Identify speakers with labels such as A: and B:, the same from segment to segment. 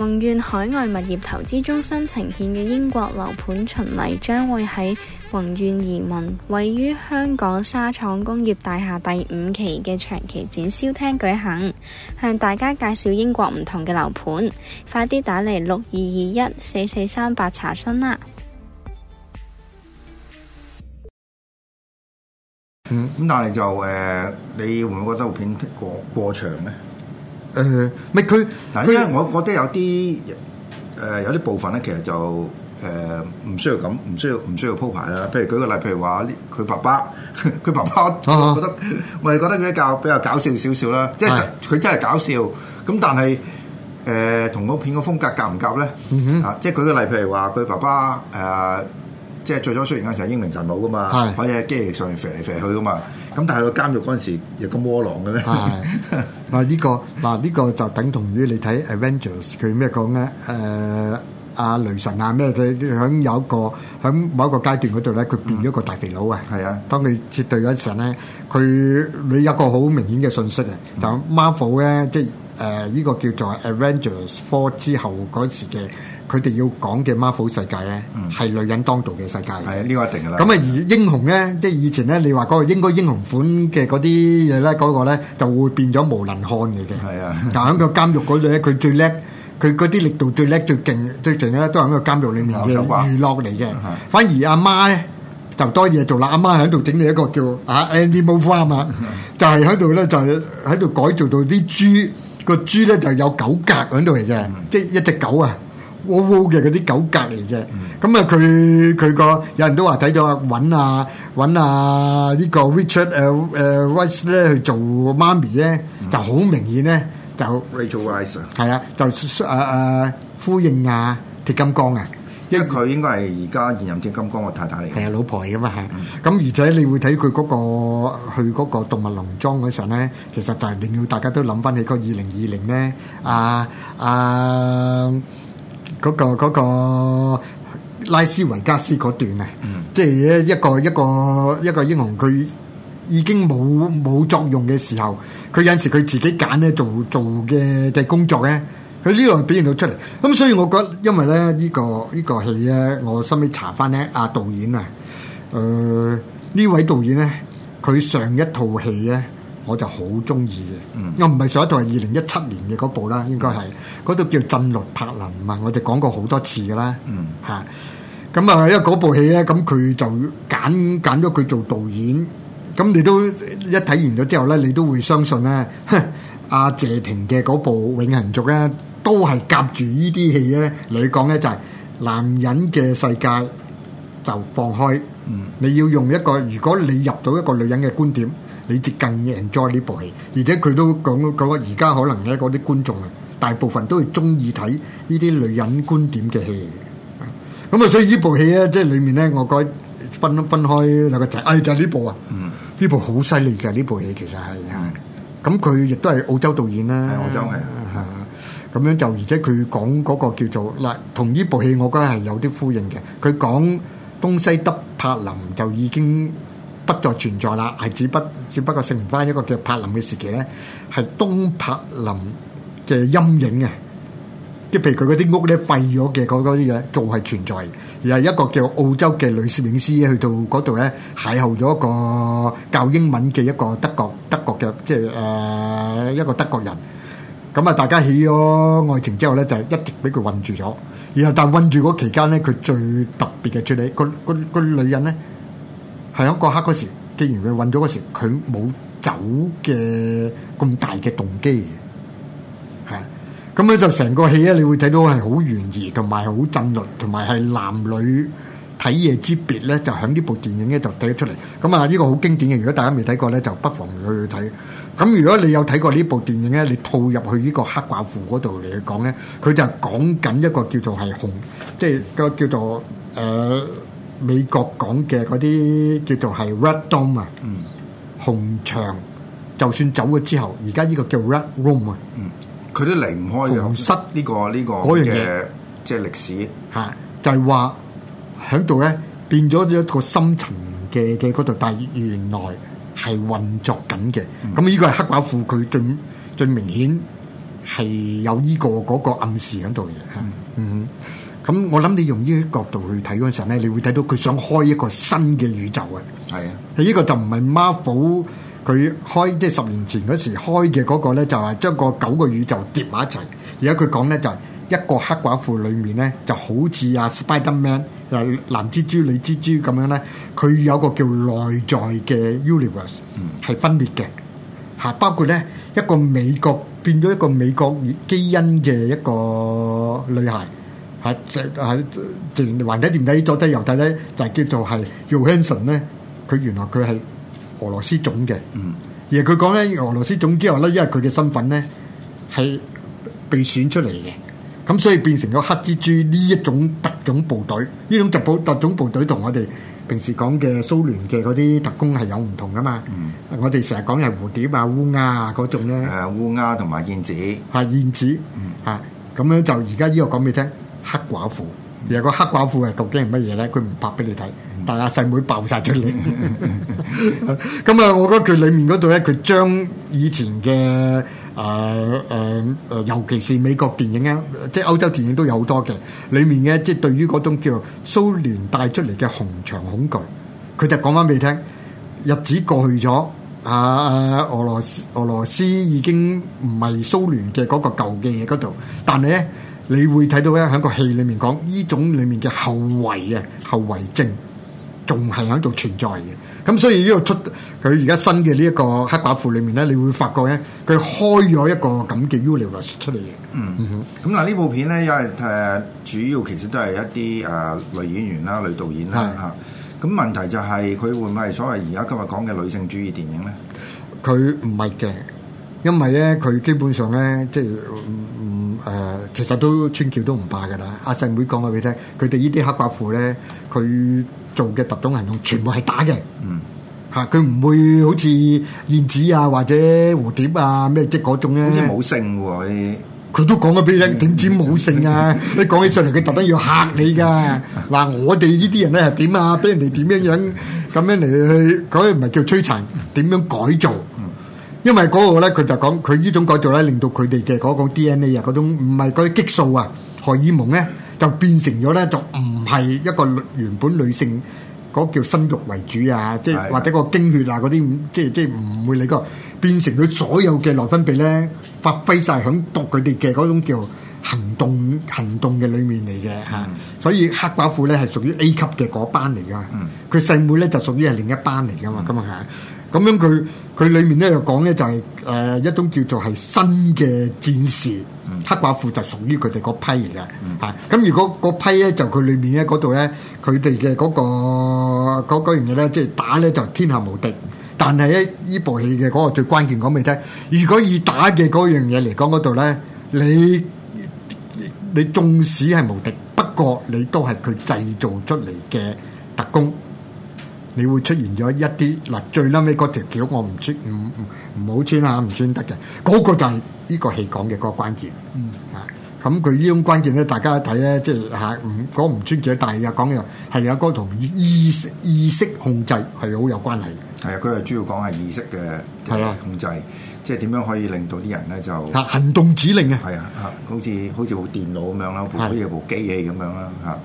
A: 宏願海外物業投資中心呈現嘅英國樓盤巡禮將會喺宏願移民位於香港沙廠工業大廈第五期嘅長期展銷廳舉行，向大家介紹英國唔同嘅樓盤。快啲打嚟六二二一四四三八查詢啦。
B: 嗯，咁但係就誒，你會唔會覺得部片過過長呢？誒，咪佢、嗯，嗱，因為我覺得有啲，誒，有啲部分咧，其實就，誒，唔需要咁，唔需要，唔需要鋪排啦。譬如舉個例，譬如話佢爸爸，佢 爸爸，我覺得，啊、我哋覺得比較比較搞笑少少啦。即係佢是真係搞笑，咁但係，誒、呃，同個片個風格夾唔夾咧？啊，即係舉個例，譬如話佢爸爸，誒，即係最早出現嗰時係英明神武噶嘛，可以喺機翼上面飛嚟飛去噶嘛，咁但係佢監獄嗰陣時又咁窩囊嘅咧。 嗱，呢個嗱，
A: 呢個就等同於你睇《Avengers》，佢咩講咧？誒。啊！雷神啊咩？佢喺有一個喺某一個階段嗰度咧，佢變咗個大肥佬、嗯、啊！係啊！當你撤退嗰陣咧，佢有一個好明顯嘅訊息啊。嗯、就 Marvel 咧，即係誒呢個叫做 Avengers Four 之後嗰時嘅，佢哋要講嘅 Marvel 世界咧，係、嗯、女人當道嘅世界。係啊，呢、這個一定嘅啦。咁啊，而英雄咧，即係以前咧，你話嗰個應該英雄款嘅嗰啲嘢咧，嗰、那個咧就會變咗無能漢嚟嘅。係、嗯、是啊！嗱，喺個監獄嗰度咧，佢最叻。佢嗰啲力度最叻、最勁、最勁咧，都喺個監獄裡面嘅娛樂嚟嘅。嗯、反而阿媽咧就多嘢做啦，阿媽喺度整理一個叫啊 Animal Farm 啊、嗯，就係喺度咧就喺度改造到啲豬，個豬咧就有狗格喺度嚟嘅，即係、嗯、一隻狗啊，woof 嘅嗰啲狗格嚟嘅。咁、嗯嗯、啊，佢佢、啊、個有人都話睇咗阿揾啊揾啊呢個 Richard 誒誒 Weisz 咧去做媽咪咧，就好明顯咧。嗯嗯就係啦 Rachel Weisz、啊，就誒誒、啊啊、呼應啊，鐵金剛啊，因為佢應該係而家現任鐵金剛嘅太太嚟嘅，啊，老婆嚟嘅嘛嚇。咁、嗯、而且你會睇佢嗰個去嗰個動物農莊嗰陣咧，其實就係令到大家都諗翻起個二零二零咧啊啊嗰、嗰個嗰、嗰個拉斯維加斯嗰段啊，嗯、即係一個一個一個英雄佢。已經冇冇作用嘅時候，佢有陣時佢自己揀咧做做嘅嘅工作咧，佢呢度表現到出嚟。咁所以我覺得，因為咧、呢個、呢個呢、呢個戲咧，我後尾查翻咧，阿導演啊，誒、呃、呢位導演咧，佢上一套戲咧，我就好中意嘅。
B: 嗯，我唔
A: 係上一套係二零一七年嘅嗰部啦，應該係嗰套叫《震慄柏林》嘛，我哋講過好多次㗎啦。嗯，嚇，咁啊，因為嗰部戲咧，咁佢就揀揀咗佢做導演。咁你都一睇完咗之後咧，你都會相信咧，阿謝霆嘅嗰部《永恆族》咧，都係夾住依啲戲咧。你講咧就係男人嘅世界就放開，你要用一個如果你入到一個女人嘅觀點，你至更 enjoy 呢部戲。而且佢都講到講，而家可能咧嗰啲觀眾啊，大部分都係中意睇依啲女人觀點嘅戲嘅。咁啊，所以依部戲咧，即係裡面咧，我覺。分分開兩個仔，哎就係、嗯、呢部啊，呢、嗯、部好犀利嘅呢部戲其實係，咁佢、嗯、亦都係澳洲導演啦，嗯、澳洲係，咁、嗯、樣就而且佢講嗰個叫做嗱，同呢部戲我覺得係有啲呼應嘅。佢講東西德柏林就已經不再存在啦，係只不只不過剩返一個叫柏林嘅時期咧，係東柏林嘅陰影嘅。即係譬如佢嗰啲屋咧，廢咗嘅嗰啲嘢仲係存在，而係一個叫澳洲嘅女攝影師去到嗰度咧，邂逅咗一個教英文嘅一個德國德國嘅即係誒、呃、一個德國人。咁啊，大家起咗愛情之後咧，就係一直俾佢困住咗。然後但係困住嗰期間咧，佢最特別嘅處理，個個女人咧係喺嗰刻嗰時，既然佢困咗嗰時，佢冇走嘅咁大嘅動機。咁咧就成個戲咧，你會睇到係好懸疑，同埋好震慄，同埋係男女睇嘢之別咧，就喺呢部電影咧就睇得出嚟。咁啊，呢個好經典嘅，如果大家未睇過咧，就不妨去睇。咁如果你有睇過呢部電影咧，你套入去呢個黑寡婦嗰度嚟講咧，佢就講緊一個叫做係紅，即係個叫做誒、呃、美國講嘅嗰啲叫做係 Red Dome 啊、嗯，紅牆。就算走咗之後，而家呢個叫 Red Room 啊、嗯。佢都離唔開樣
B: 失呢個呢個嘢，即係歷史嚇、
A: 啊，就係話喺度咧變咗一個深層嘅嘅嗰度，但係原來係運作緊嘅。咁呢、嗯、個係黑寡婦，佢最最明顯係有呢、這個呢個、嗰個暗示喺度嘅。嗯，咁我諗你用呢啲角度去睇嗰陣咧，你會睇到佢想開一個新嘅宇宙啊。係啊的，呢個就唔係 Marvel。 佢開即係十年前嗰時開嘅嗰個咧，就係將個九個宇宙疊埋一齊。而家佢講咧就係一個黑寡婦裡面咧，就好似啊 Spiderman，誒男蜘蛛女蜘蛛咁樣咧，佢有個叫內在嘅 Universe 係分裂嘅。嚇，包括咧一個美國變咗一個美國基因嘅一個女孩，係直係電橫睇電睇左睇右睇咧，就係叫做係 Johansson 咧，佢原來佢係。俄羅斯種嘅，
B: 嗯、
A: 而佢講咧俄羅斯種之後咧，因為佢嘅身份咧係被選出嚟嘅，咁所以變成咗黑蜘蛛呢一種特種部隊，嗯、呢種特保特種部隊同我哋平時講嘅蘇聯嘅嗰啲特工係有唔同噶嘛。嗯、我哋成日講係蝴蝶啊、烏鴉啊嗰種咧，誒烏鴉同埋燕子，係燕子，吓咁樣就而家呢個講俾你聽，黑寡婦。有個黑寡婦係究竟係乜嘢咧？佢唔拍俾你睇，但係阿細妹，妹爆晒出嚟。咁啊，我覺得佢裏面嗰度咧，佢將以前嘅誒誒誒，尤其是美國電影啊，即係歐洲電影都有好多嘅。裏面嘅即係對於嗰種叫做蘇聯帶出嚟嘅紅牆恐懼，佢就講翻俾你聽。日子過去咗，啊，俄羅斯俄羅斯已經唔係蘇聯嘅嗰個舊嘅嘢嗰度，但係咧。你會睇到咧，喺個戲裡面講呢種裡面嘅後遺啊、後遺症，仲係喺度存在嘅。咁所以呢個出佢而家新嘅呢一個黑寡婦裡面咧，你會發覺咧，佢開咗一個咁嘅 universe 出嚟嘅。嗯
B: 咁嗱呢部片咧，因為誒主要其實都係一啲誒、呃、女演員啦、女導演啦嚇。咁的、啊、問題就係、是、佢會唔會係所謂而家今日講嘅女性主義電影咧？佢唔係嘅，
A: 因為咧佢基本上咧即係。誒、呃，其實都穿橋都唔怕嘅啦。阿細妹講下俾你聽，佢哋呢啲黑寡婦咧，佢做嘅特種行動全部係打嘅。嗯，嚇佢唔會好似燕子啊或者蝴蝶啊咩即嗰種咧、啊。好似冇性佢都講咗俾你聽，點知冇性啊？ 你講起上嚟，佢特登要嚇你㗎。嗱，我哋呢啲人咧係點啊？俾人哋點樣樣咁樣嚟去，嗰啲唔係叫摧殘，點樣改造？因為嗰個咧，佢就講佢呢種改造咧，令到佢哋嘅嗰個 DNA 啊，嗰種唔係嗰啲激素啊、荷爾蒙咧，就變成咗咧，就唔係一個原本女性嗰、嗰個、叫生育為主啊，即係或者個經血啊嗰啲，即係即係唔會你個變成佢所有嘅內分泌咧，發揮晒響讀佢哋嘅嗰種叫行動行動嘅裡面嚟嘅嚇。嗯、所以黑寡婦咧係屬於 A 級嘅嗰班嚟噶，佢細、嗯、妹咧就屬於係另一班嚟噶嘛，咁啊係，咁樣佢。佢裏面咧又講咧就係誒一種叫做係新嘅戰士，黑寡婦就屬於佢哋嗰批嚟嘅嚇。咁如果嗰批咧就佢裏面咧嗰度咧，佢哋嘅嗰個嗰嗰樣嘢咧，即係打咧就天下無敵。但係咧呢部戲嘅嗰個最關鍵講畀你聽：如果以打嘅嗰樣嘢嚟講嗰度咧，你你縱使係無敵，不過你都係佢製造出嚟嘅特工。你會出現咗一啲嗱，最撚尾嗰條橋，我唔穿唔唔唔好穿嚇，唔穿得嘅嗰個就係呢個戲講嘅嗰個關鍵、嗯、啊！咁佢呢種關鍵咧，大家睇咧，即係嚇唔講唔穿嘅，但
B: 係又講又係啊哥同意識意識控制係好有關係。係啊，佢係主要講係意識嘅控制。即係點樣可以令到啲人咧就行
A: 動指令嘅
B: 係啊嚇，好似好似部電腦咁樣啦，好似部機器咁樣啦嚇。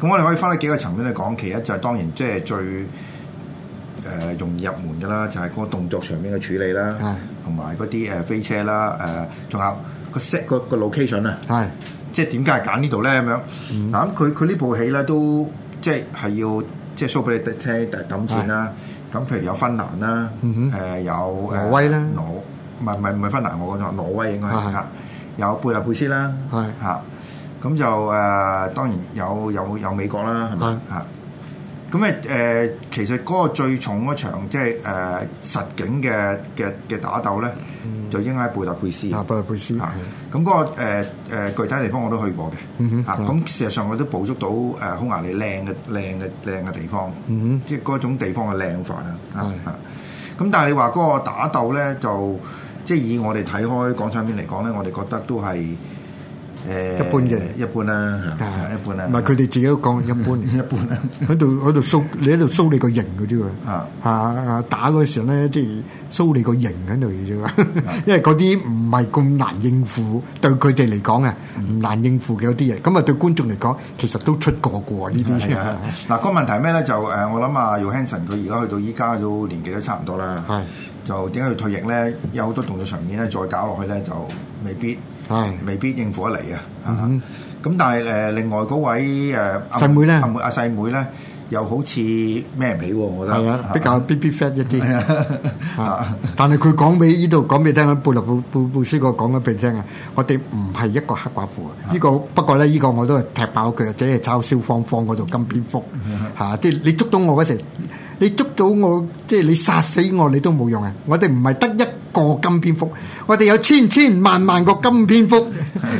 B: 咁我哋可以翻多幾個層面去講，其一就係當然即係最誒容易入門嘅啦，就係嗰個動作上面嘅處理啦，同埋嗰啲誒飛車啦，誒仲有個 set 個 location 啊，係即係點解係揀呢度咧咁樣？嗱咁佢佢呢部戲咧都即係係要即係收俾你啲抌錢啦。咁譬如有芬蘭啦，誒有挪威啦，挪唔係唔係唔係芬蘭，我講咗挪威應該係啦。有貝勒佩斯啦，嚇，咁就誒當然有有有美國啦，係咪嚇？咁誒誒，其實嗰個最重嗰場即係誒實景嘅嘅嘅打鬥咧，就應該喺貝勒佩斯啊。貝勒佩斯嚇，咁嗰個誒誒具體地方我都去過嘅，嚇。咁事實上我都捕捉到誒匈牙利靚嘅靚嘅靚嘅地方，即係嗰種地方嘅靚法啦，嚇，咁但係你話嗰個打鬥咧就～即係以我哋睇開港產片嚟講咧，我哋覺得都係誒、欸、一般嘅，一般啦，啊、一般啦。唔
A: 係佢哋自己講一般， 一般啦的。 喺度喺度 show，你喺度 show 你個型嘅啫喎。啊啊打嗰時咧，即係 show 你個型喺度嘅啫。因為嗰啲唔係咁難應付，對佢哋嚟講啊，唔難應付嘅有啲嘢。咁啊，對觀眾嚟講，其實都出過過呢啲。嗱、
B: 啊啊個問題咩咧？就誒，我諗啊，Johansson 佢而家去到依家都年紀都差唔多啦。係、啊。就點解要退役咧？有好多動作場面咧，再搞落去咧就未必，未必應付得嚟啊！咁但係誒，另外嗰位誒細妹咧，阿細妹咧，又好似咩唔起喎？我覺得比較
A: bit bit fat 一啲。但係佢講畀依度講畀你聽貝洛布布布斯哥講畀你聽啊？我哋唔係一個黑寡婦啊！依個不過咧，依個我都係踢爆佢，或者係嘲笑放放嗰度金蝙蝠嚇，即係你捉到我嗰時。你捉到我，即係你殺死我，你都冇用啊！我哋唔係得一。個金蝙蝠，我哋有千千萬萬個金蝙蝠，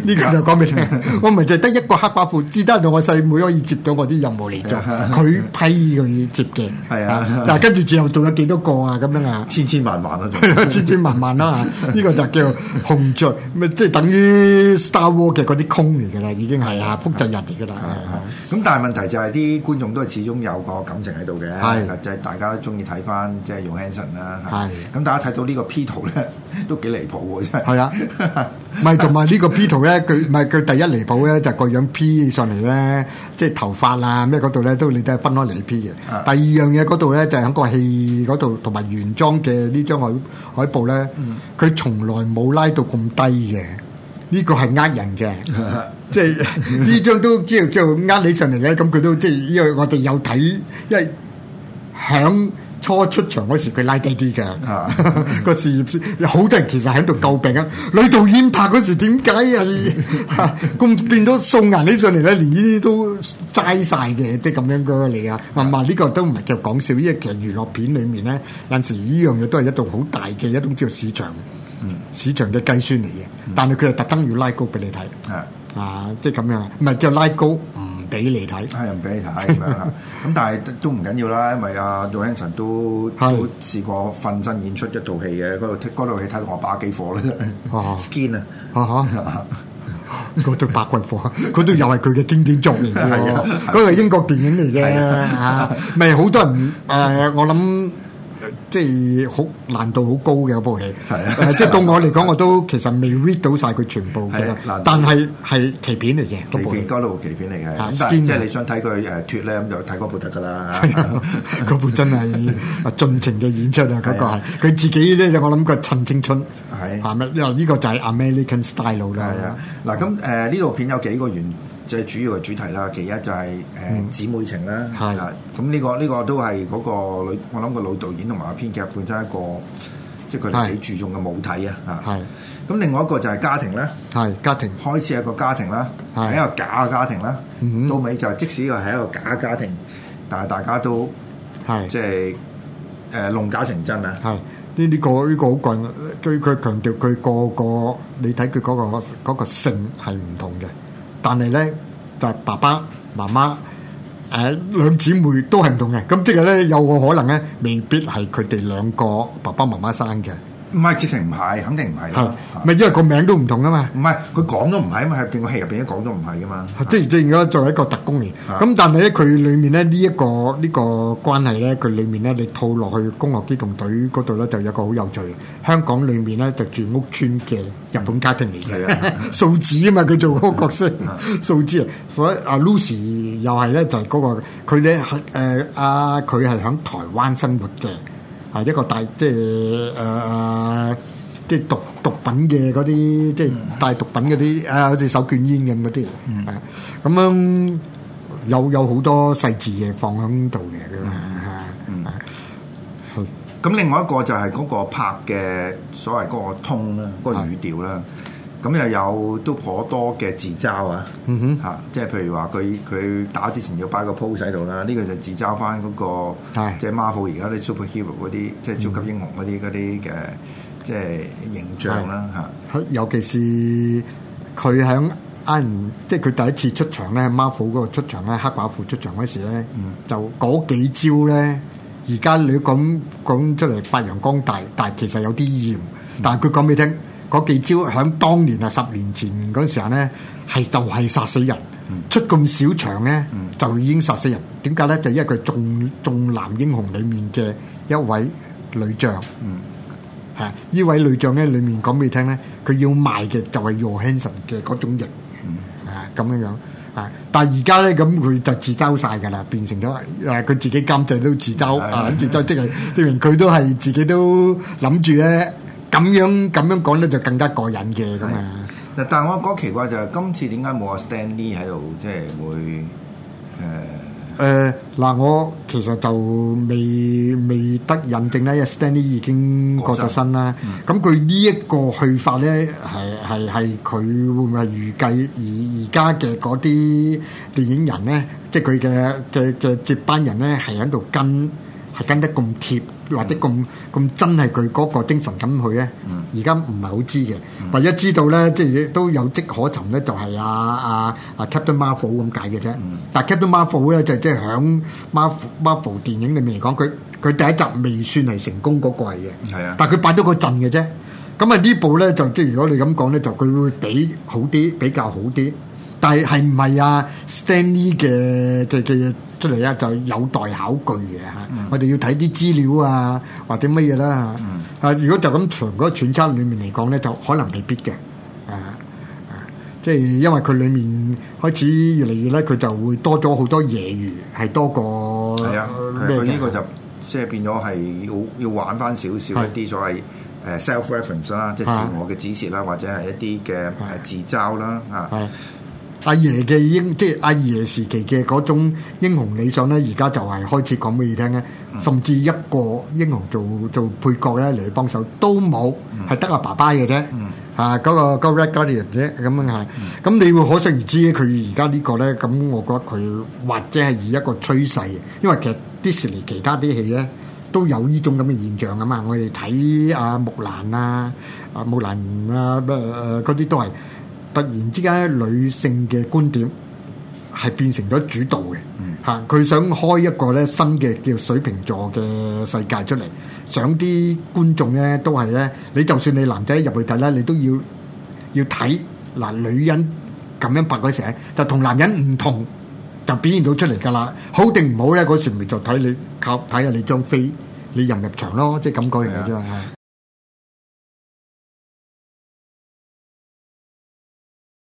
A: 呢 個就講唔成。我唔係就係得一個黑寡婦，只得到我細妹，妹可以接到我啲任務嚟做，佢批佢接嘅。係啊，但嗱，跟住之後仲有幾多個啊？咁樣啊，千千萬萬啦、啊， 千千萬萬啦，呢個就叫紅雀，咩即係等於
B: Star Wars 嘅嗰啲空嚟噶
A: 啦，已經係啊，複製人嚟噶
B: 啦。咁但係問題就係、是、啲觀眾都始終有個感情喺度嘅， 就係大家都中意睇翻即係用 Hanson 啦。係，咁大家睇到呢個 P 圖。都幾離譜喎，真係，係啊，唔係同
A: 埋呢個 P 圖咧，佢唔係佢第一離譜咧，就個樣 P 上嚟咧，即係頭髮啦、啊，咩嗰度咧都你都係分開嚟 P 嘅。 第二樣嘢嗰度咧就係響個戲嗰度同埋原裝嘅呢張海海報咧，佢從來冇拉到咁低嘅，呢、呢個係呃人嘅，即係呢張都叫叫呃你上嚟咧，咁佢都即係因為我哋有睇，因為響。初出場嗰時，佢拉低啲嘅個事業線，有好多人其實喺度詬病啊！女導演拍嗰時點解啊？咁變咗素顏呢上嚟咧，連呢啲都齋晒嘅，即係咁樣嘅你啊！唔係呢個都唔係叫講笑，呢個其實娛樂片裏面咧，有陣時呢樣嘢都係一度好大嘅一種叫做市場，市場嘅計算嚟嘅。但係佢係特登
B: 要拉高俾你睇，啊，即係咁樣，唔係叫拉高。俾你睇，係唔俾你睇咁啊？咁但係都唔緊要啦，因為阿 Johansson 都都試過瞓身演出一套戲嘅，嗰度嗰套戲睇到我把幾火咧，skin 啊，哈啊，嚇嚇，嗰對白骨火，嗰對又係佢嘅經典作嚟嘅，嗰個英國
A: 電影嚟嘅，咪好 多人誒、呃，我諗。即係好難度好高嘅嗰部戲，即係對我嚟講，我都其實未 read 到晒佢全部嘅。但係
B: 係奇片嚟嘅，部片嗰部奇片嚟嘅。咁但即係你想睇佢誒脫咧，咁就睇嗰部就得㗎啦。嗰部真係啊
A: 盡情嘅演出啊，嗰個係佢自己咧，我諗佢趁青春係咪？又呢個就係 American style 啦。係啊，
B: 嗱咁誒呢部片有幾個元素？即係主要嘅主題啦，其一就係誒姊妹情啦。係啦的，咁呢個呢個都係嗰個女我諗個老導演同埋編劇本身一個，即係佢哋幾注重嘅母體啊。係的。咁的另外一個就係家庭啦。係的。家庭開始係一個家庭啦，係的一個假嘅家庭啦。嗯、哼到尾就即使佢係一個假家庭，但係大家都係的即係誒弄假成真啊。
A: 係的。呢呢個呢個好勁啊！佢佢強調佢個個你睇佢嗰個個性係唔同嘅。但係呢，就係、是、爸爸媽媽誒兩姊妹都係唔同嘅，咁、嗯、即係呢有個可能呢，未必係佢哋兩個
B: 爸爸媽媽生嘅。唔係，直情唔係，肯定唔係啦。咪是 因為個名都唔同啊嘛。唔係，佢講都唔係，咪係變個戲入邊都講都唔係噶嘛。即係即係而家作為一個特工嚟，咁、嗯、但係咧
A: 佢裡面咧、這、呢、個這個嗯、一個呢個關係咧，佢裡面咧你套落去《攻殼機動隊》嗰度咧就有個好有趣。嘅。香港裡面咧就住屋村嘅日本家庭嚟嘅，嗯、 素子啊嘛，佢做嗰個角色、嗯、素子。啊。所以阿 Lucy 又係咧就係、是、嗰、那個，佢咧係誒佢係響台灣生活嘅。係一個帶即係誒、呃、即係毒毒品嘅嗰啲，即係帶毒品嗰啲，誒好似手捲煙咁嗰啲，咁樣、嗯啊嗯、有有好多細節嘢放喺度嘅。
B: 咁另外一個就係嗰個拍嘅所謂嗰個 tone 啦，嗰個語調啦。咁、嗯、又有都頗多嘅自嘲啊！嗯哼，嚇，即係譬如話佢佢打之前要擺個 pose 喺度啦，呢、這個就自嘲翻嗰個，即係 Marvel 而家啲 Super Hero 嗰啲，的即係超級英雄嗰啲嗰啲嘅，即係形象啦嚇。
A: 的啊、尤其是佢喺即係佢第一次出場咧，Marvel 嗰個出場咧，黑寡婦出場嗰時咧，嗯、就嗰幾招咧，而家你講講出嚟發揚光大，但係其實有啲厭，但係佢講俾你聽。嗰幾招喺當年啊，十年前嗰時候咧，係就係殺死人，出咁少場咧，就已經殺死人。點解咧？就因為佢眾眾男英雄裡面嘅一位女將，係呢位女將咧，裡面講俾你聽咧，佢要賣嘅就係 Johansson 嘅嗰種型，啊咁樣樣啊。但係而家咧咁，佢就自嘲曬噶啦，變成咗啊！佢自己監製都自嘲啊，自嘲即係證明佢都係自己都諗住咧。咁樣咁樣講咧就更加過癮嘅咁啊！
B: 嗱的，樣但係我覺得奇怪就係今次點解冇阿 Stanley 喺度，即係會
A: 誒誒嗱，我其實就未未得印證咧，因為 Stanley 已經過咗身啦。咁佢呢一個去法咧，係係係佢會唔會預計而而家嘅嗰啲電影人咧，即係佢嘅嘅嘅接班人咧，係喺度跟？跟得咁貼或者咁咁真係佢嗰個精神咁去咧，而家唔係好知嘅。唯一知道咧，即係、嗯就是、都有跡可尋咧、啊啊啊嗯，就係、是、阿阿阿 Captain Marvel 咁解嘅啫。但係 Captain Marvel 咧，就即係響 Marvel Marvel 電影裏面嚟講，佢佢第一集未算係成功嗰季嘅。
B: 係啊的，但係
A: 佢擺到個陣嘅啫。咁啊呢部咧就即係如果你咁講咧，就佢會比好啲，比較好啲。但係係唔係啊？Stanley 嘅嘅嘅嘢出嚟啊，就有待考據嘅嚇。我哋要睇啲資料啊，或者乜嘢啦嚇。啊，如果就咁長嗰個轉差裡面嚟講咧，就可能未必嘅。啊啊，即係因為佢裡面開始越嚟越咧，佢就會多咗好多嘢。魚，係多過咩？係啊，佢呢個就
B: 即係變咗係要要玩翻少少一啲，所謂誒 self reference 啦，即係自我嘅指示啦，或者係一啲嘅自嘲啦嚇。
A: 阿爺嘅英，即係阿爺時期嘅嗰種英雄理想咧，而家就係開始講俾你聽咧。甚至一個英雄做做配角咧嚟幫手都冇，係得阿爸爸嘅啫。啊，嗰個 Guardian 啫咁樣係。咁你會可想而知，佢而家呢個咧，咁我覺得佢或者係以一個趨勢，因為其實 Disney 其他啲戲咧都有呢種咁嘅現象啊嘛。我哋睇阿木蘭啊，阿木蘭啊，嗰啲都係。突然之間，女性嘅觀點係變成咗主導嘅，嚇佢、嗯、想開一個咧新嘅叫水瓶座嘅世界出嚟，想啲觀眾咧都係咧，你就算你男仔入去睇咧，你都要要睇嗱、呃、女人咁樣拍嗰時，就同男人唔同，就表現到出嚟㗎啦，
B: 好定唔好咧？嗰時咪就睇你靠睇下你張飛，你入唔入場咯？即係咁講嘢啫。